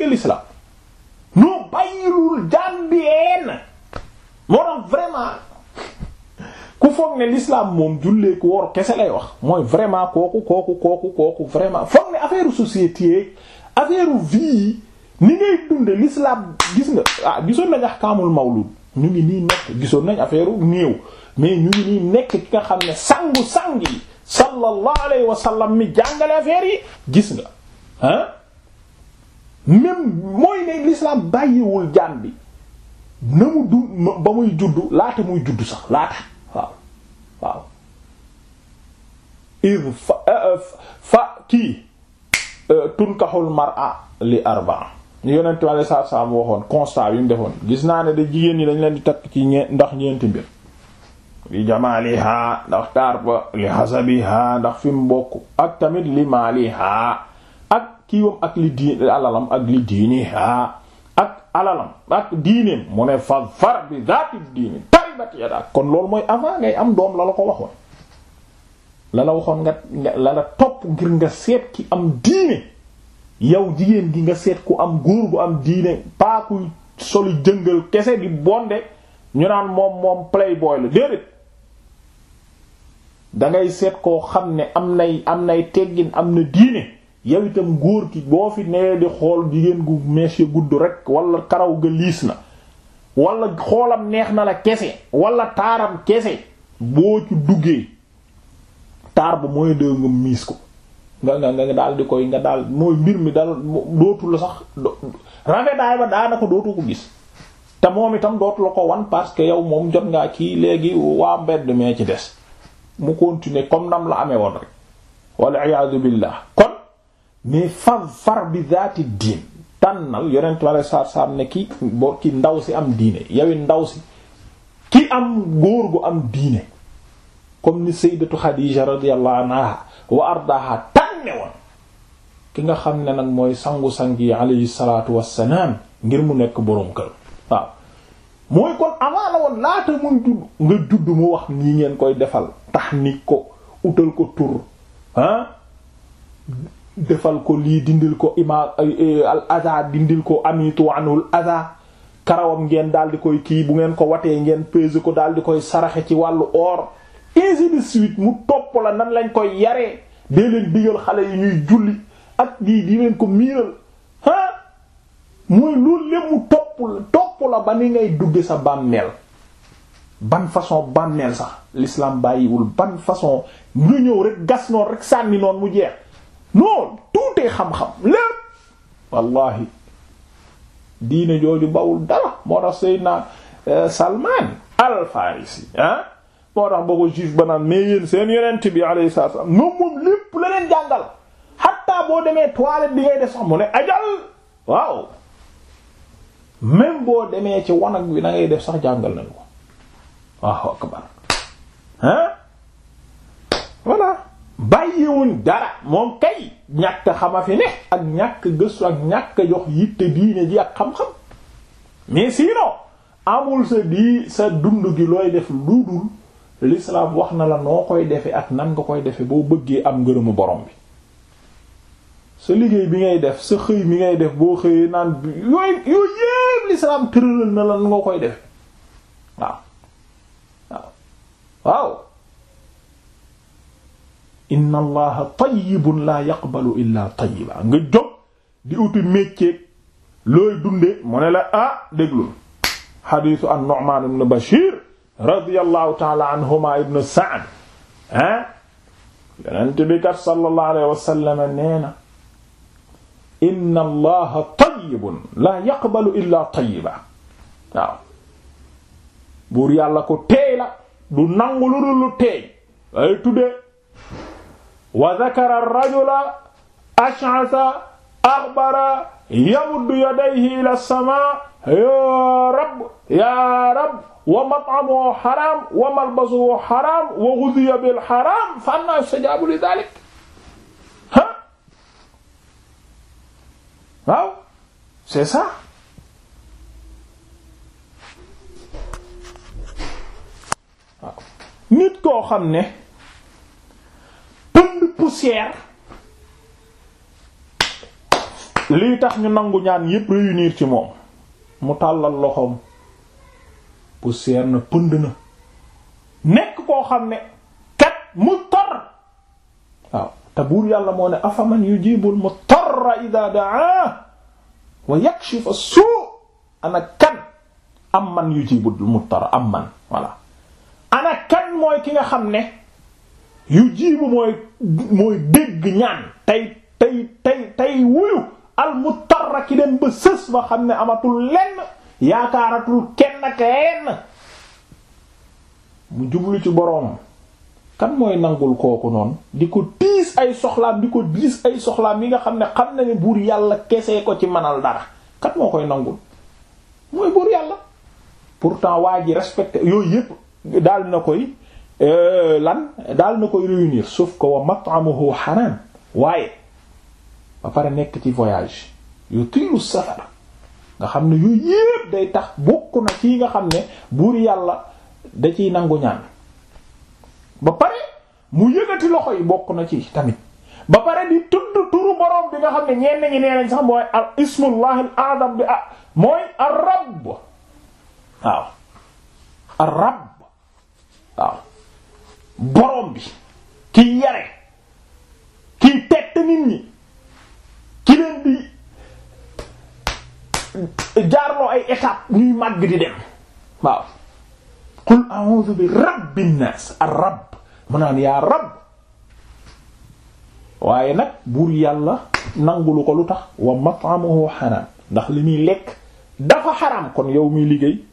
nga l'islam ñu bàyyilul moo tax vraiment ku foog ne l'islam moom jullee ku woor kese lay wax mooy vraiment kooku kooku kooku kooku vraiment foog ne affaire société affaire vie ni ngay dunde l'islam gis nga ah gisoon nañ ahkaamul mawlud ñu ngi nii nekk gisoon nañ affaire néew mais ñu ngi nii nekk ki nga xam ne sangu sang yi sallallahu alayhi wa mi jàngale affaire yi gis nga ah même mooy ne l'islam bàyyiwul jaam bi na mu du ba muy juddu laata muy juddu sax laata waaw waaw id fa eh, eh, fa kii eh, tunkaxul mar'a li arba'a yonent mi alei satu salaam waxoon constat bi mu defoon gis naa ne da jigéen ñi dañ leen di takk ci ñe ndax ñeenti mbir li jamaaliha ndax taar ba li hasabiha ndax fi mu ak tamit li maaliha kiiwam ak li diin eh, alalam ak li diini ah, ak alalam ak diineem mu ne fa far bi zaati diini taribat yadaa kon loolu mooy avant ngay am doom la la ko waxoon la la waxoon nga la la topp ngir nga seet ki am diine yow jigéen gi nga seet ku am góor bu am diine paaku kuy solu jëngal kese di bonde ñu naan moom moom playboy la déedéet dangay seet koo xam ne am nay am nay teggin am na diine yow itam góor ki boo fi nee di xool jigéen gu mees ya gudd rek wala karaw ga liis na walla xoolam neex na la kese walla taaram kese boo ci duggee taar ba mooy dëgg nga miis ko nga nga nga daal di koy nga daal mooy mbir mi dal dootu la sax rafetaay ba daanaka dootu ko gis te moom itam dootu la ko wan parce que yow moom jot ngaa kii léegi waa mbedd mee ci des mu continuer comme nam la amee woon rek wal iyaadu billah kon mais fa far bi zaati diin tànnal yonent ma lay saar saar ne ki boo ki ndaw si am diine yawi ndaw si ki am góor gu am diine comme ni sayyidatu Xadiija radiyallahu anha wa ardaaha tànne woon ki nga xam ne nag mooy sangu-sang yi alayhi salaatu wassalaam ngir mu nekk boroom kër waaw mooy kon avant laata muy judd nga judd mu wax nii ngeen koy defal tax ni ko utal ko tur ah? defal ko lii dindil ko ima eh, al ada dindil ko amitu anul ada karawam ngeen daal di koy kii bu ngeen ko watee ngeen peser ko daal di koy saraxe ci wàllu or ainsi suite mu topp la nan lañ koy yaree dee leen digal xale yi ñuy julli ak gii di leen ko miiral ah mooy loolu lépp mu topp topp la ba ni ngay dugge sa bàmmeel ban façon bàmmeel sax l'islam bàyyiwul ban façon nga ñëw rek gas noonu rek sànni noonu mu jeex non tuutee xam-xam lépp wallahi diine jooju bawul dara moo tax Seydina euh, Salman al-Farisi ah moo tax boo ko juif ba naan mais seen yonent bi alayhi salaatu wa salaam moom moom leen jàngal hatta boo demee toilette bi ngay def sax mu ne ajal waaw même boo demee ci wanag bi na ngay def sax jàngal na ko waaw akbar ah voilà bàyyiwuñ dara moom kay ñàkk xama fi ne ak ñàkk gëstu ak ñàkk jox yitte diine ji ak xam-xam mais sinon amul sa di sa dund gi looy def lu dul wax na la noo koy defe ak nan nga koy defe boo bëggee am ngërëmu borom bi sa liggéey bi ngay def sa xëy mi ngay def boo xëyee naan yooyu yooyu yépp l'islam tëralal na la nga koy defe waaw waaw inna allaha tayyibun la yaqbalu illa tayyiba nga jóg di uti métier looy dunde mu ne la ah déglul xadiisu an Nu'man ibn Bashir radiyallahu taala anhuma ah, bi kat sallallahu alayhi wa sallam la yaqbalu illa tayyiba waaw buur ko teey du nangu lu dul teey ay tudde wa zakara rajula ash'asa axbara yamuddu yadayhi ila sama ya rab ya rab wa mat'amuhu xaram wa malbasuhu xaram wa ghudiya bil xaram fa anna yustajaabu li daalik ah waaw c'est ça waaw nit koo xam ne poussière tax ñu nangu ñaan yépp réunir ci moom mu tàllal loxoom poussière na pënd na nekk koo xam ne kat mu waaw te buur yàlla moo ne yu yujibul mutarra ida daa wa yakshifu suu ana kan am man yujibul mutarra am man voilà ana kan mooy ki nga xam ne yu jiibu mooy mooy dégg ñaan tey tey tey tey wuyu almutarra dem ba sës ba xam ne amatul lenn yaakaaratul kenn ak lenn mu jublu ci boroom kan mooy nangul kooku noonu di ko diis ay soxlaam di ko diis ay soxlaam yi nga xam ne xam na ne buur yàlla kese ko ci manal dara kan moo koy nangul mooy buur yàlla pourtant waa ji respecté yooyu yépp daal na koy Euh, lan daal na koy réunir sauf que wa mat'amuhu haram waaye ba pare nekk ci voyage yu tiiru safar nga xam ne yu yépp day tax bokk na ci nga xam ne buur yàlla da ciy nangu ñaan ba pare mu yëgati loxo yi bokk na ci tamit ba pare di tudd turu borom bi nga xam ne ñenn ñi nee nañ sax mooy al ismullahi al adam bi ah mooy ar waaw ar waaw borom bi kiy yare kiy tett nit ñi ki leen di jaarloo ay étape ñuy màgg di dem waaw qul a'udhu bi rabbin nas ar rabb mu naan yaa rabb waaye nag buur yàlla nangulu ko lu tax wa mat'amuhu xaraam ndax li muy lekk dafa xaraam kon yow muy liggéey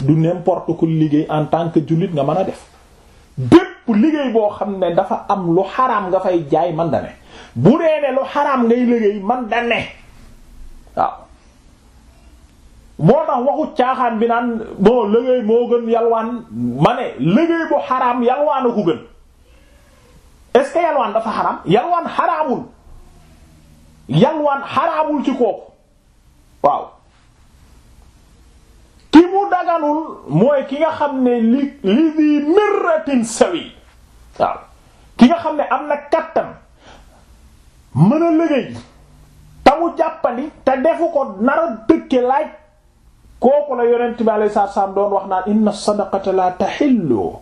du n'importe ku liggéey en tant que jullit nga mën a def bépp liggéey boo xam ne dafa am lu xaraam nga fay jaay man da bu dee ne lu xaraam ngay liggéey man waaw moo tax waxu caaxaan bi naan bon liggéey moo gën yalwaan ma ne liggéey xaraam yalwaan a ko gën est-ce que yalwaan dafa xaraam yalwaan xaraamul yalwaan xaraamul ci kooku waaw ki mu daganul mooy ki nga xam ne li li di sew sawi waaw ki nga xam ne am na kattan mën a liggéey tamu jàppandi te defu ko nara dëkke laaj kooku la yonent bi alayhi salaatu salaam doon wax naan inna sadaqata la tahillu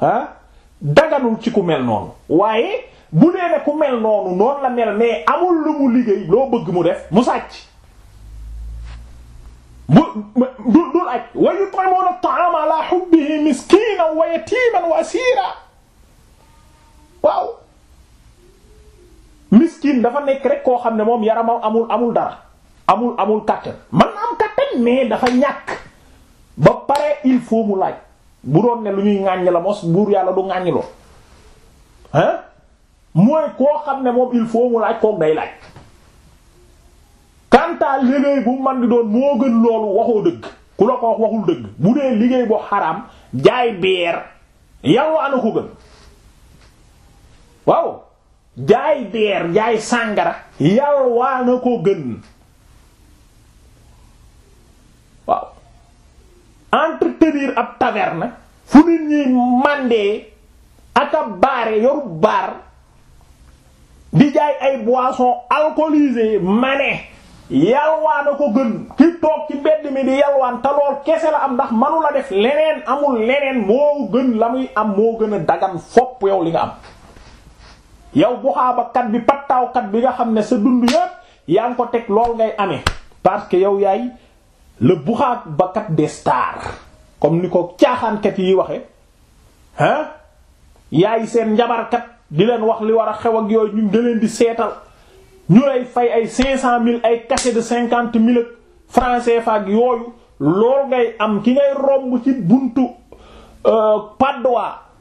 ah daganul ci ku mel noonu waaye bu dee ku mel noonu noon la mel mais amul lu mu liggéey loo bëgg mu def mu sàcc du du laaj wa yut'imuna at'ama ala hubbihi miskinan wa yatiman wa asira waaw miskin dafa nekk rek koo xam ne moom yaramam amul amul dara amul amul kàttan man na am kàttan mais dafa ñàkk ba pare il faut mu laaj bu doon ne lu ñuy ŋàññ la mos buur yàlla du ŋàññiloo hein mooy koo xam ne moom il faut mu laaj kook day laaj kantaa liggéey bu man di doon moo gën loolu waxoo dëgg ku la ko wax waxul dëgg bu dee liggéey boo xaraam jaay beer yalwaana ko gën waaw jaay beer jaay sàngara yalwaana ko gën waaw entretenir ab taverne fu nit ñi mandee ak ab baare yoru baar di jaay ay boissons alcoolisées mané yalwaan a ko gën ki toog ci bedd mi di yalwaan te lool kese la am ndax manu la def leneen amul leneen moo gën la muy am moo gën a dagan fopp yow li nga am yow buxaabakat bi pattaawkat bi nga xam ne sa dund yépp yaa ngi ko teg lool ngay amee parce que yow yaay le buxaabakat des stars comme ni ko caaxaankat yi waxe ah yaay seen njabarkat di leen wax li war a xew ak yooyu ñu ngi leen di seetal ñu lay fay ay cinq cent mille ay cachet de cinquante mille ak francs yooyu loolu ngay am ki ngay romb ci buntu euh, Patte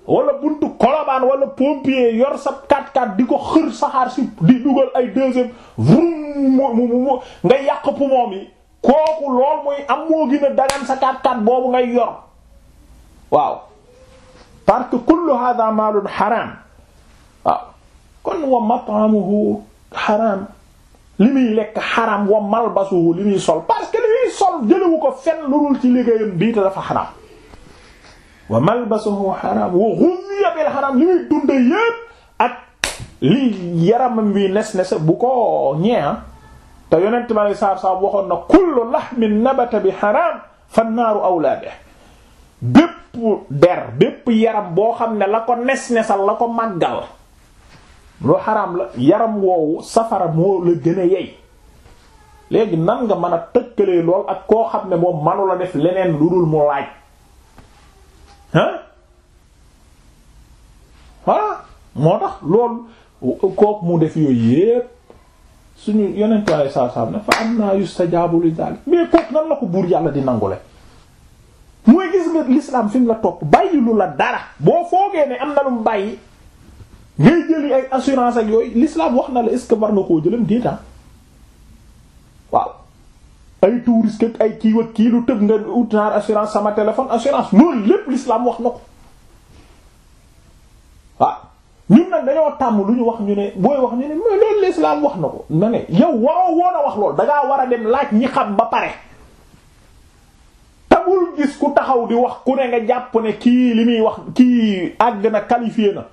wala buntu Colobane wala pompier yor sa 4 x di ko sa saxaar si di dugal ay deuxième vroom nga yàq poumon yi kooku lool mooy am moo gën a dagan sa 4 x boobu ngay yor waaw parce que kullu hadha malun haram kon wa mat'amuhu xaraam li muy lekk xaraam wa malbasuhu li muy sol parce que li muy sol jëlewu ko fenn lu dul ci liggéeyam bii te dafa xaraam wa malbasuhu xaraam wa ghuziya bil xaraam li muy dunda yépp ak li yaramam wi nes nes bu ko ñeex ah. te yonent ma lay saab saab waxoon na kullu lahmin nabata bi xaraam fanaaru awlaa bihi bépp der bépp yaram boo xam ne la ko nes nesal la ko màggal lu xaraam la yaram woowu safara moo la gën a yey léegi nan nga mën a tëkkalee lool ak koo xam ne moom manula def leneen lu dul mu laaj ah voilà moo tax loolu kooku mu def yooyu yépp suñu yonentu Yàlla saa saa ne fa am naa yustajabu li daal mais kooku nan la ko buur yàlla di nangule mooy gis nga l'islam mu la topp bàyyi lu la dara boo foogee ne am na lu mu bàyyi ngay jëli ay assurance ak yooyu l'islam wax na la est-ce que war na koo jëlam déetaan ah? waaw ay touriste ak ay kii ak kii lu tëb nga ut naar assurance sama téléphone assurance loolu lépp l'islam wax na ko waaw ñun nag dañoo tàmm lu ñu wax ñu ne booy wax ñu ne mais loolu l'islam wax na ko na ne yow waroo woon a wax loolu dangaa war a dem laaj ñi xam ba pare tabul gis ku taxaw di wax ku ne nga jàpp ne kii li muy wax kii àgg na qualifié na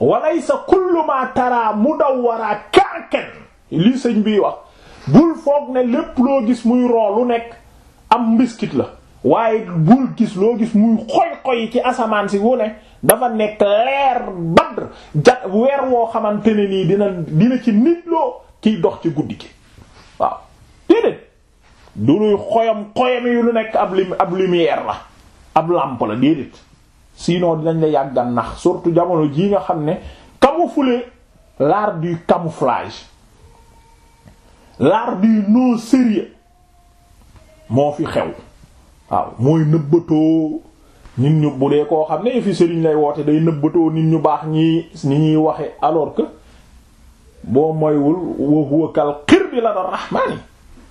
walaysa kullu ma tara mudawwara ka'kan li sëñ bi wax bul foog ne lépp loo gis muy roolu nekk am mbiskit la waaye bul gis loo gis muy xoy-xoy ci asamaan si wu ne dafa nekk leer badr ja weer woo xamante ne nii dina dina ci nit loo kiy dox ci guddi gi waaw déedéet du luy xoyam xoyam yu lu nekk ab lim ab lumière la ab làmp la déedéet sinon dinañ la yàgga nax surtout jamono jii nga xam ne camoufler l'art du camouflage l'art du non sérieux moo fi xew waaw mooy nëbbatoo nit ñu bu dee koo xam ne fi sëriñ lay woote day nëbbatoo nit ñu baax ñi ni ñuy waxe alors que boo moywul wa huwa kal qirbi la da rahmaani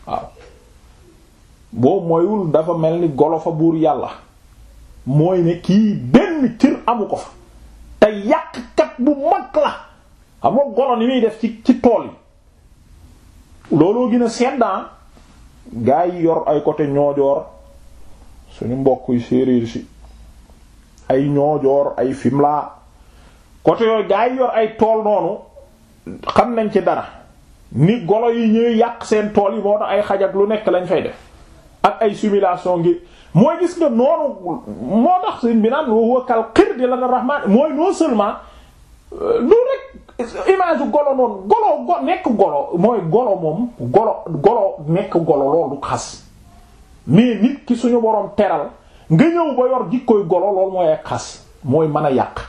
waaw boo moywul dafa mel ni golo fa buur yàlla mooy ne kii benn cër amu ko fa te yàqkat bu mag la xam nga golo ni muy def ci ci tool yi looloo gën a seddaan ah. gaa yi yor ay côté ñoojoor suñu mbokk yu séeréer si ay ñoojoor ay Fimela côté yooyu gaa yi yor ay tool noonu xam nañ ci dara ni golo yi ñuy yàq seen tool yi moo tax ay xaj lu nekk lañ fay def ak ay simulation ngi mooy gis nga noonu moo tax seen bi naan wa huwa kal qirdi la rahmaan mooy non seulement lu euh, rek image golo noonu golo golo mooy golo moom golo golo nekk golo loolu xas mais nit ki suñu boroom teral nga ñëw ba yor jikkoy golo loolu mooy ak xas mooy mën a yàq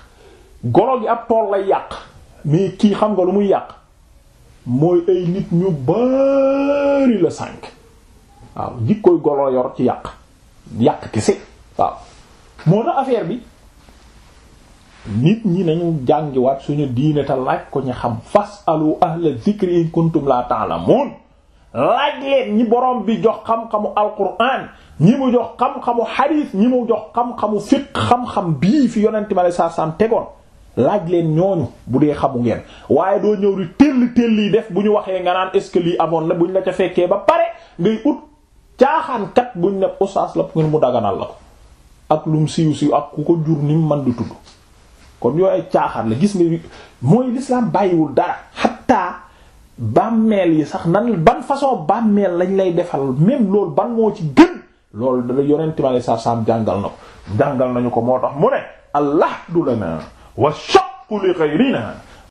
golo gi ab tool lay yàq mais kii xam nga lu muy yàq mooy ay nit ñu bari la sànk waaw jikkoy golo yor ci yàq yàq kese waaw moo tax affaire bi nit ñi nañu jàngiwaat suñu diine laaj ko ñu xam fas alu ahla zikri in kuntum la ta'lamun laaj leen ñi borom bi jox xam-xamu alquran ñi mu jox xam-xamu hadith ñi mu jox xam-xamu fiqh xam-xam bii fi yonent ma lay saa saam tegoon laaj leen ñooñu bu dee xamu ngeen waaye doo ñëw di tell tell yi def bu ñu waxee nga naan est ce que lii amoon na bu ñu la ca fekkee ba pare ngay ut caaxaankat buñ ne ustaas la ngir mu daganal la ko ak lum siiw siiw ak ku ko jur ni mu man di tudd kon yooyu ay caaxaan la gis nga mooy lislaam bàyyiwul dara xatta bàmmeel yi sax nan ban façon bàmmeel lañ lay defal même loolu ban moo ci gën loolu dala yonent mi alei satu salaam jàngal na ko jàngal nañu ko moo tax mu ne allahdu lana wa shaqu li ghayrina